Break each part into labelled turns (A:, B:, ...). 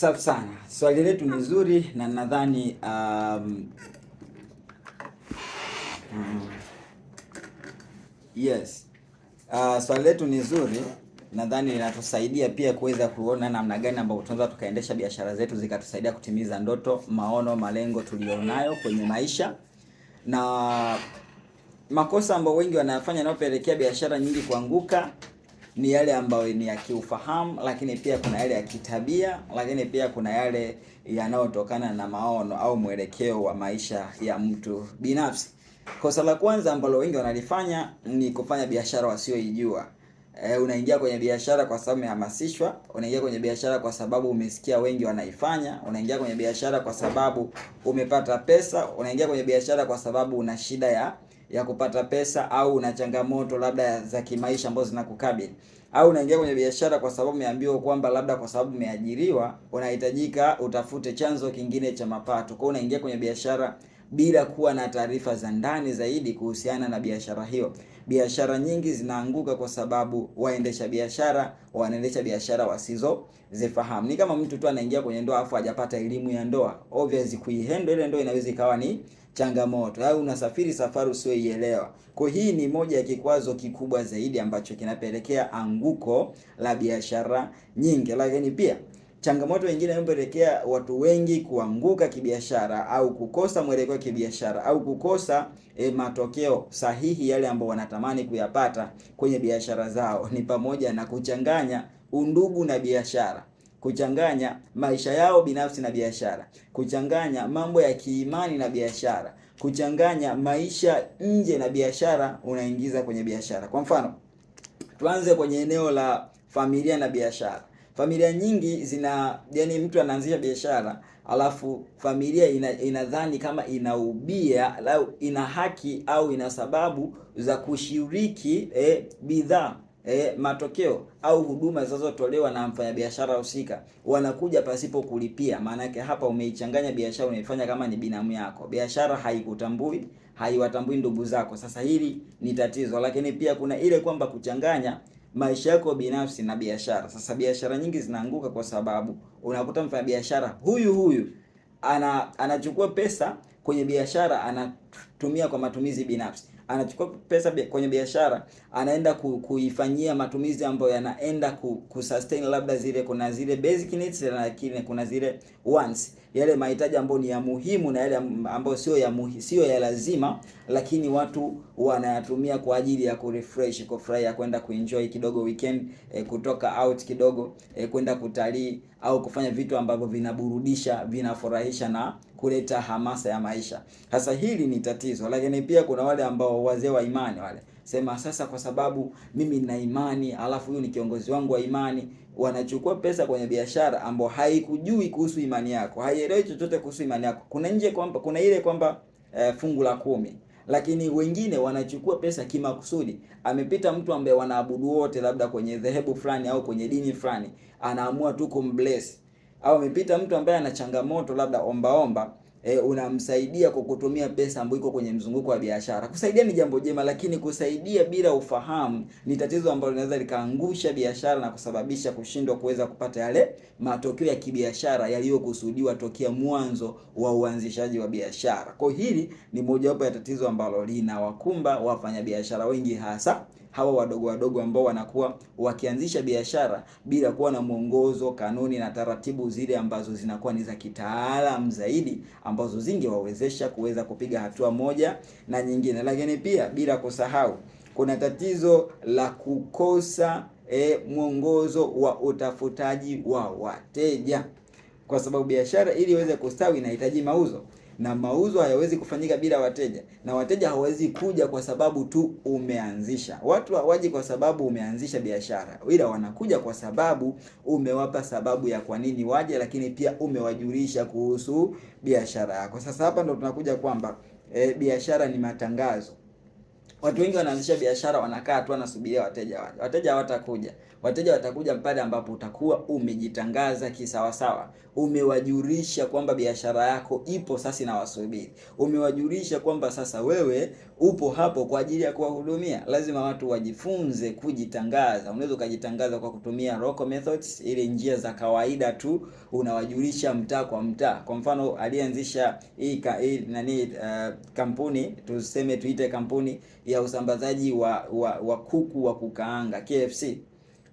A: Safi sana, swali letu ni zuri na nadhani um, mm, yes uh, swali letu ni zuri nadhani linatusaidia pia kuweza kuona namna gani ambapo tunaweza tukaendesha biashara zetu zikatusaidia kutimiza ndoto, maono, malengo tulionayo kwenye maisha na makosa ambayo wengi wanayafanya yanayopelekea biashara nyingi kuanguka ni yale ambayo ni ya kiufahamu, lakini pia kuna yale ya kitabia, lakini pia kuna yale yanayotokana na maono au mwelekeo wa maisha ya mtu binafsi. Kosa la kwanza ambalo wengi wanalifanya ni kufanya biashara wasioijua. E, unaingia kwenye biashara kwa sababu umehamasishwa, unaingia kwenye biashara kwa sababu umesikia wengi wanaifanya, unaingia kwenye biashara kwa sababu umepata pesa, unaingia kwenye biashara kwa sababu una shida ya ya kupata pesa au una changamoto labda za kimaisha ambazo zinakukabili au unaingia kwenye biashara kwa sababu umeambiwa kwamba labda kwa sababu umeajiriwa unahitajika utafute chanzo kingine cha mapato. Kwa hiyo unaingia kwenye biashara bila kuwa na taarifa za ndani zaidi kuhusiana na biashara hiyo. Biashara nyingi zinaanguka kwa sababu waendesha biashara wanaendesha biashara wasizo zifahamu. Ni kama mtu tu anaingia kwenye ndoa afu hajapata elimu ya ndoa, obviously kuihandle ile ndoa inaweza ikawa ni changamoto au unasafiri safari usioielewa. Kwa hii ni moja ya kikwazo kikubwa zaidi ambacho kinapelekea anguko la biashara nyingi, lakini pia changamoto nyingine inayopelekea watu wengi kuanguka kibiashara au kukosa mwelekeo kibiashara au kukosa e, matokeo sahihi yale ambayo wanatamani kuyapata kwenye biashara zao ni pamoja na kuchanganya undugu na biashara kuchanganya maisha yao binafsi na biashara, kuchanganya mambo ya kiimani na biashara, kuchanganya maisha nje na biashara, unaingiza kwenye biashara. Kwa mfano, tuanze kwenye eneo la familia na biashara. Familia nyingi zina yani, mtu anaanzisha biashara alafu familia ina, inadhani kama inaubia au ina haki au ina sababu za kushiriki eh, bidhaa E, matokeo au huduma zinazotolewa na mfanyabiashara husika wanakuja pasipo kulipia. Maana yake hapa umeichanganya biashara, unaifanya kama ni binamu yako. Biashara haikutambui, haiwatambui ndugu zako. Sasa hili ni tatizo, lakini pia kuna ile kwamba kuchanganya maisha yako binafsi na biashara. Sasa biashara nyingi zinaanguka kwa sababu unakuta mfanyabiashara huyu huyu ana anachukua pesa kwenye biashara ana kutumia kwa matumizi binafsi. Anachukua pesa kwenye biashara, anaenda ku, kuifanyia matumizi ambayo yanaenda kusustain labda zile, kuna zile basic needs, na lakini kuna zile wants, yale mahitaji ambayo ni ya muhimu na yale ambayo sio ya muhi, sio ya lazima, lakini watu wanayatumia kwa ajili ya kurefresh, kufurahia, kwenda kuenjoy kidogo weekend, e, kutoka out kidogo, e, kwenda kutalii au kufanya vitu ambavyo vinaburudisha, vinafurahisha na kuleta hamasa ya maisha. Sasa hili ni ni tatizo, lakini pia kuna wale ambao wazee wa imani wale sema sasa, kwa sababu mimi nina imani, alafu huyu ni kiongozi wangu wa imani. Wanachukua pesa kwenye biashara ambao haikujui kuhusu imani yako, haielewi chochote kuhusu imani yako. Kuna nje kwamba kuna ile kwamba e, fungu la kumi lakini wengine wanachukua pesa kimakusudi. Amepita mtu ambaye wanaabudu wote, labda kwenye dhehebu fulani au kwenye dini fulani, anaamua tu kumbless. Au amepita mtu ambaye ana changamoto, labda ombaomba, e, unamsaidia kwa kutumia pesa ambayo iko kwenye mzunguko wa biashara. Kusaidia ni jambo jema, lakini kusaidia bila ufahamu ni tatizo ambalo linaweza likaangusha biashara na kusababisha kushindwa kuweza kupata yale matokeo ya kibiashara yaliyokusudiwa tokea mwanzo wa uanzishaji wa biashara. Kwa hili ni mojawapo ya tatizo ambalo linawakumba wafanyabiashara wengi hasa hawa wadogo wadogo ambao wanakuwa wakianzisha biashara bila kuwa na mwongozo, kanuni na taratibu zile ambazo zinakuwa ni za kitaalamu zaidi ambazo zingewawezesha kuweza kupiga hatua moja na nyingine. Lakini pia bila kusahau, kuna tatizo la kukosa e, mwongozo wa utafutaji wa wateja, kwa sababu biashara ili iweze kustawi inahitaji mauzo na mauzo hayawezi kufanyika bila wateja, na wateja hawawezi kuja kwa sababu tu umeanzisha. Watu hawaji kwa sababu umeanzisha biashara, ila wanakuja kwa sababu umewapa sababu ya kwa nini waje, lakini pia umewajulisha kuhusu biashara yako. Sasa hapa ndo tunakuja kwamba e, biashara ni matangazo. Watu wengi wanaanzisha biashara wanakaa tu wanasubiria wateja waje, wateja hawatakuja. Wateja watakuja pale ambapo utakuwa umejitangaza kisawasawa, umewajulisha kwamba biashara yako ipo sasa inawasubiri, umewajulisha kwamba sasa wewe upo hapo kwa ajili ya kuwahudumia. Lazima watu wajifunze kujitangaza. Unaweza ukajitangaza kwa kutumia local methods, ile njia za kawaida tu, unawajulisha mtaa kwa mtaa. Kwa mfano aliyeanzisha hii nani, uh, kampuni tuseme tuite kampuni ya usambazaji wa, wa, wa kuku wa kukaanga KFC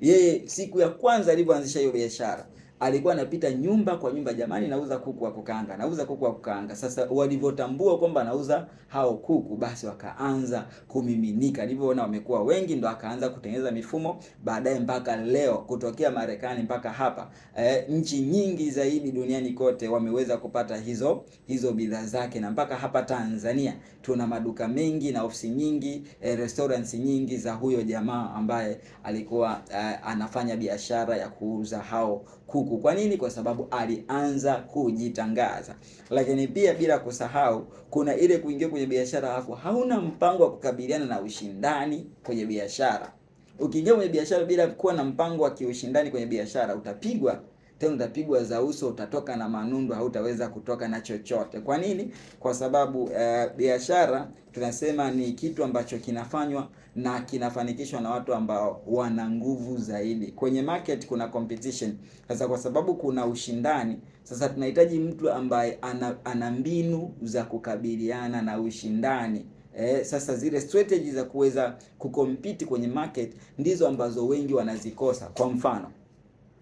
A: yeye siku ya kwanza alivyoanzisha hiyo biashara alikuwa anapita nyumba kwa nyumba, jamani, nauza kuku wa kukaanga, nauza kuku wa kukaanga. Sasa walivyotambua kwamba anauza hao kuku, basi wakaanza kumiminika, nilivyoona wamekuwa wengi, ndo akaanza kutengeneza mifumo baadaye mpaka leo, kutokea Marekani mpaka hapa e, nchi nyingi zaidi duniani kote wameweza kupata hizo hizo bidhaa zake, na mpaka hapa Tanzania tuna maduka mengi na ofisi nyingi e, restaurants nyingi za huyo jamaa ambaye alikuwa e, anafanya biashara ya kuuza hao kuku huku. Kwa nini? Kwa sababu alianza kujitangaza. Lakini pia bila kusahau, kuna ile kuingia kwenye biashara alafu hauna mpango wa kukabiliana na ushindani kwenye biashara. Ukiingia kwenye biashara bila kuwa na mpango wa kiushindani kwenye biashara, utapigwa tena utapigwa za uso, utatoka na manundu, hautaweza kutoka na chochote. Kwa nini? Kwa sababu uh, biashara tunasema ni kitu ambacho kinafanywa na kinafanikishwa na watu ambao wana nguvu zaidi. Kwenye market kuna competition. Sasa kwa sababu kuna ushindani, sasa tunahitaji mtu ambaye ana, ana mbinu za kukabiliana na ushindani. Eh, sasa zile strategy za kuweza kukompiti kwenye market ndizo ambazo wengi wanazikosa. Kwa mfano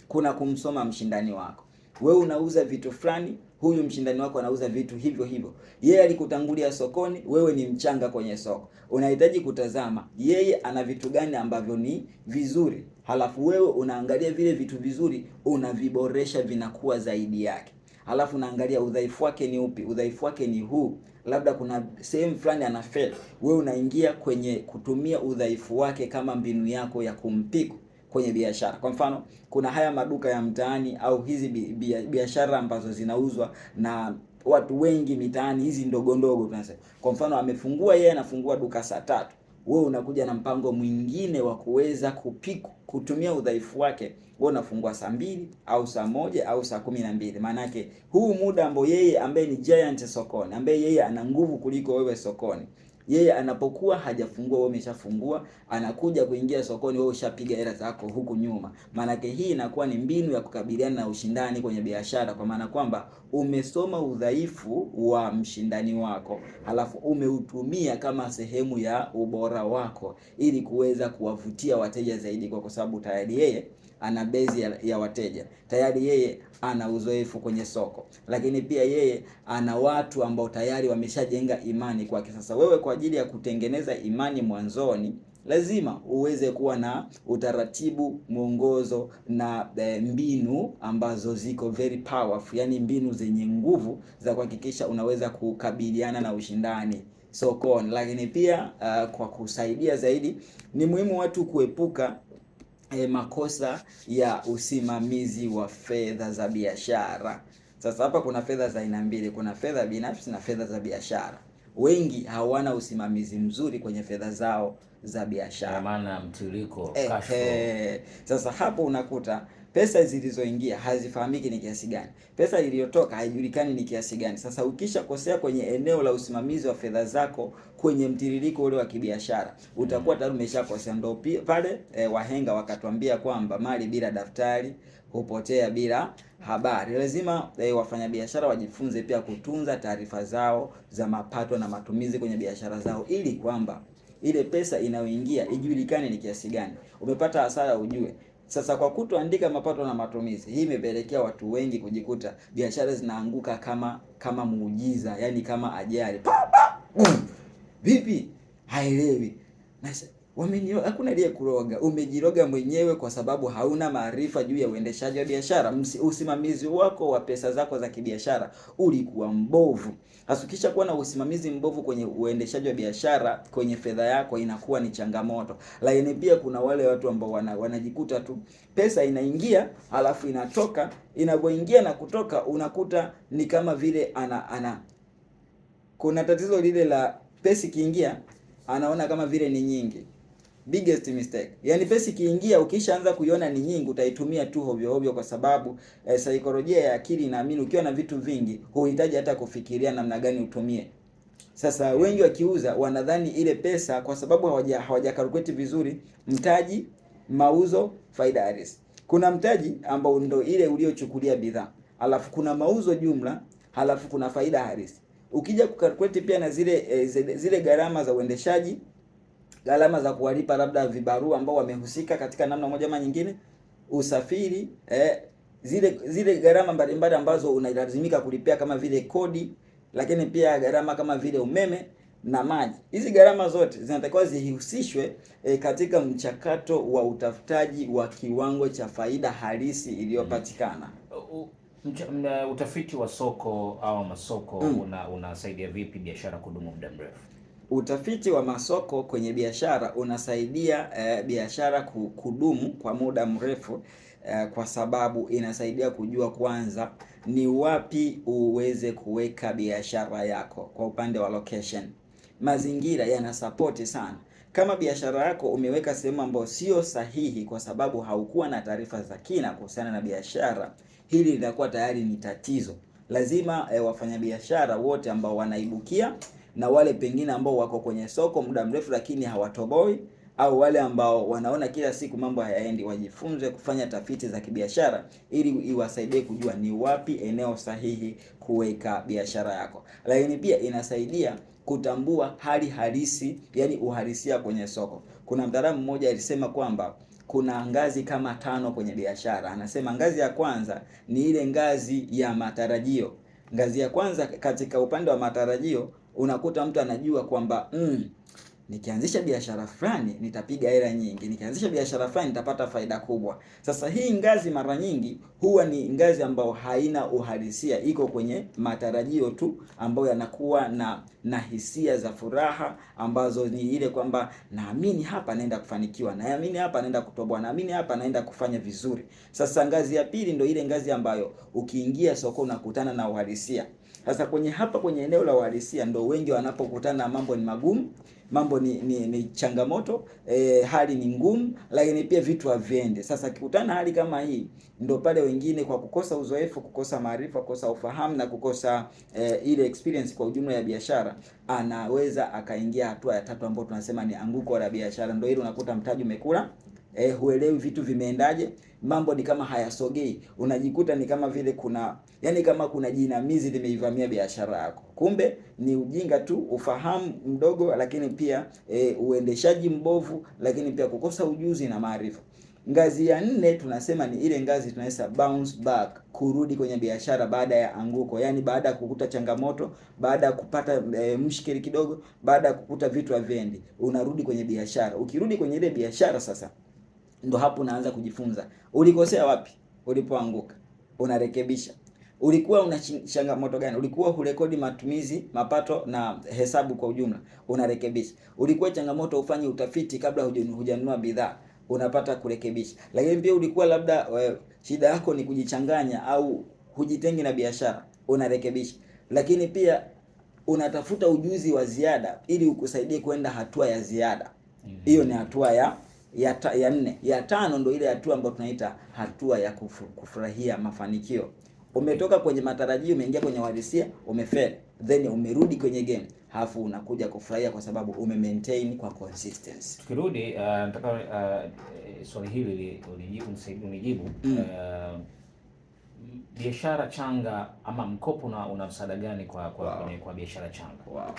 A: kuna kumsoma mshindani wako. Wewe unauza vitu fulani, huyu mshindani wako anauza vitu hivyo hivyo. Yeye alikutangulia sokoni, wewe ni mchanga kwenye soko. Unahitaji kutazama yeye ana vitu gani ambavyo ni vizuri, halafu wewe unaangalia vile vitu vizuri, unaviboresha vinakuwa zaidi yake. Halafu unaangalia udhaifu wake ni upi, udhaifu wake ni huu, labda kuna sehemu fulani ana fail, wewe unaingia kwenye kutumia udhaifu wake kama mbinu yako ya kumpiku kwenye biashara. Kwa mfano, kuna haya maduka ya mtaani au hizi biashara ambazo zinauzwa na watu wengi mitaani, hizi ndogo ndogo tunasema. Kwa mfano, amefungua yeye, anafungua duka saa tatu wewe unakuja na mpango mwingine wa kuweza kupiku kutumia udhaifu wake, wewe unafungua saa mbili au saa moja au saa kumi na mbili Maanake huu muda ambao yeye ambaye ni giant sokoni, ambaye yeye ana nguvu kuliko wewe sokoni, yeye anapokuwa hajafungua, wewe umeshafungua. Anakuja kuingia sokoni, wewe ushapiga hela zako huku nyuma. Maanake hii inakuwa ni mbinu ya kukabiliana na ushindani kwenye biashara, kwa maana kwamba umesoma udhaifu wa mshindani wako, halafu umeutumia kama sehemu ya ubora wako, ili kuweza kuwavutia wateja zaidi, kwa sababu tayari yeye ana bezi ya, ya wateja tayari, yeye ana uzoefu kwenye soko, lakini pia yeye ana watu ambao tayari wameshajenga imani kwake. Sasa wewe kwa ajili ya kutengeneza imani mwanzoni lazima uweze kuwa na utaratibu, mwongozo na e, mbinu ambazo ziko very powerful, yani mbinu zenye nguvu za kuhakikisha unaweza kukabiliana na ushindani sokoni. Lakini pia uh, kwa kusaidia zaidi, ni muhimu watu kuepuka e, makosa ya usimamizi wa fedha za biashara. Sasa hapa kuna fedha za aina mbili, kuna fedha binafsi na fedha za biashara. Wengi hawana usimamizi mzuri kwenye fedha zao za biashara, maana mtiririko, cash flow. Sasa hapo unakuta Pesa zilizoingia hazifahamiki ni kiasi gani, pesa iliyotoka haijulikani ni kiasi gani. Sasa ukishakosea kwenye eneo la usimamizi wa fedha zako kwenye mtiririko ule wa kibiashara, utakuwa tayari umeshakosea. Ndo pale e, wahenga wakatwambia kwamba mali bila daftari hupotea bila habari. Lazima e, wafanyabiashara wajifunze pia kutunza taarifa zao za mapato na matumizi kwenye biashara zao ili kwamba ile pesa inayoingia ijulikane ni kiasi gani. Umepata hasara ujue sasa kwa kutoandika mapato na matumizi, hii imepelekea watu wengi kujikuta biashara zinaanguka kama kama muujiza, yani kama ajali. vipi haelewi. Wamenio, hakuna kuroga, umejiroga mwenyewe kwa sababu hauna maarifa juu ya uendeshaji wa biashara. Usimamizi wako wa pesa zako za kibiashara ulikuwa mbovu. Hasukisha kuwa na usimamizi mbovu kwenye uendeshaji wa biashara, kwenye fedha yako inakuwa ni changamoto. Lakini pia kuna wale watu ambao wana, wanajikuta tu pesa inaingia halafu inatoka, inapoingia na kutoka unakuta ni kama vile ana, ana kuna tatizo lile la pesa ikiingia anaona kama vile ni nyingi biggest mistake. Yaani pesa ikiingia ukishaanza kuiona ni nyingi utaitumia tu hovyo hovyo kwa sababu eh, saikolojia ya akili inaamini ukiwa na vitu vingi huhitaji hata kufikiria namna gani utumie. Sasa wengi wakiuza wanadhani ile pesa kwa sababu hawaja hawajakalkulate vizuri mtaji, mauzo, faida halisi. Kuna mtaji ambao ndo ile uliochukulia bidhaa. Alafu kuna mauzo jumla, alafu kuna faida halisi. Ukija kukalkulate pia na zile eh, zile gharama za uendeshaji gharama za kuwalipa labda vibarua ambao wamehusika katika namna moja ama nyingine, usafiri eh, zile zile gharama mbalimbali ambazo unalazimika kulipia kama vile kodi, lakini pia gharama kama vile umeme na maji. Hizi gharama zote zinatakiwa zihusishwe eh, katika mchakato wa utafutaji wa kiwango cha faida halisi iliyopatikana. Mm. Utafiti wa soko au masoko mm, unasaidia una vipi biashara kudumu muda mrefu? Utafiti wa masoko kwenye biashara unasaidia eh, biashara kudumu kwa muda mrefu eh, kwa sababu inasaidia kujua kwanza ni wapi uweze kuweka biashara yako kwa upande wa location. Mazingira yanasapoti sana. Kama biashara yako umeweka sehemu ambayo sio sahihi, kwa sababu haukuwa na taarifa za kina kuhusiana na biashara, hili linakuwa tayari ni tatizo. Lazima eh, wafanyabiashara wote ambao wanaibukia na wale pengine ambao wako kwenye soko muda mrefu lakini hawatoboi au wale ambao wanaona kila siku mambo hayaendi, wajifunze kufanya tafiti za kibiashara ili iwasaidie kujua ni wapi eneo sahihi kuweka biashara yako. Lakini pia inasaidia kutambua hali halisi, yani uhalisia kwenye soko. Kuna mtaalamu mmoja alisema kwamba kuna ngazi kama tano kwenye biashara. Anasema ngazi ya kwanza ni ile ngazi ya matarajio. Ngazi ya kwanza katika upande wa matarajio unakuta mtu anajua kwamba mm, nikianzisha biashara fulani nitapiga hela nyingi, nikianzisha biashara fulani nitapata faida kubwa. Sasa hii ngazi mara nyingi huwa ni ngazi ambayo haina uhalisia, iko kwenye matarajio tu ambayo yanakuwa na na hisia za furaha ambazo ni ile kwamba naamini hapa naenda kufanikiwa, naamini hapa naenda kutoboa, naamini hapa naenda kufanya vizuri. Sasa ngazi ya pili ndio ile ngazi ambayo ukiingia soko unakutana na uhalisia. Sasa kwenye hapa kwenye eneo la uhalisia ndo wengi wanapokutana, mambo ni magumu, mambo ni ni, ni changamoto e, hali ni ngumu, lakini pia vitu haviende. Sasa kikutana hali kama hii, ndo pale wengine kwa kukosa uzoefu, kukosa maarifa, kukosa ufahamu na kukosa e, ile experience kwa ujumla ya biashara, anaweza akaingia hatua ya tatu ambayo tunasema ni anguko la biashara. Ndo hili unakuta mtaji umekula eh, huelewi vitu vimeendaje, mambo ni kama hayasogei, unajikuta ni kama vile kuna yani kama kuna jinamizi limeivamia biashara yako. Kumbe ni ujinga tu, ufahamu mdogo, lakini pia eh, uendeshaji mbovu, lakini pia kukosa ujuzi na maarifa. Ngazi ya nne tunasema ni ile ngazi tunaweza bounce back, kurudi kwenye biashara baada ya anguko, yaani baada ya kukuta changamoto, baada ya kupata e, mshikeli kidogo, baada ya kukuta vitu haviendi, unarudi kwenye biashara. Ukirudi kwenye ile biashara sasa ndo hapo unaanza kujifunza. Ulikosea wapi? Ulipoanguka unarekebisha. Ulikuwa una changamoto gani? Ulikuwa hurekodi matumizi, mapato na hesabu kwa ujumla, unarekebisha. Ulikuwa changamoto ufanye utafiti kabla hujanunua bidhaa, unapata kurekebisha. Lakini pia ulikuwa labda we, shida yako ni kujichanganya au hujitengi na biashara, unarekebisha. Lakini pia unatafuta ujuzi wa ziada ili ukusaidie kwenda hatua ya ziada. Mm-hmm. Hiyo mm -hmm. ni hatua ya ya, ta, ya nne. Ya tano ndo ile hatua ambayo tunaita hatua ya kufurahia mafanikio. Umetoka kwenye matarajio, umeingia kwenye uhalisia, umefail, then umerudi kwenye game, halafu unakuja kufurahia kwa sababu ume maintain kwa consistency. Tukirudi uh, nataka uh, eh, swali hili ulijibu, msaidia unijibu mm. uh, biashara changa ama mkopo una msaada gani kwa kwa, wow. kwa biashara changa wow.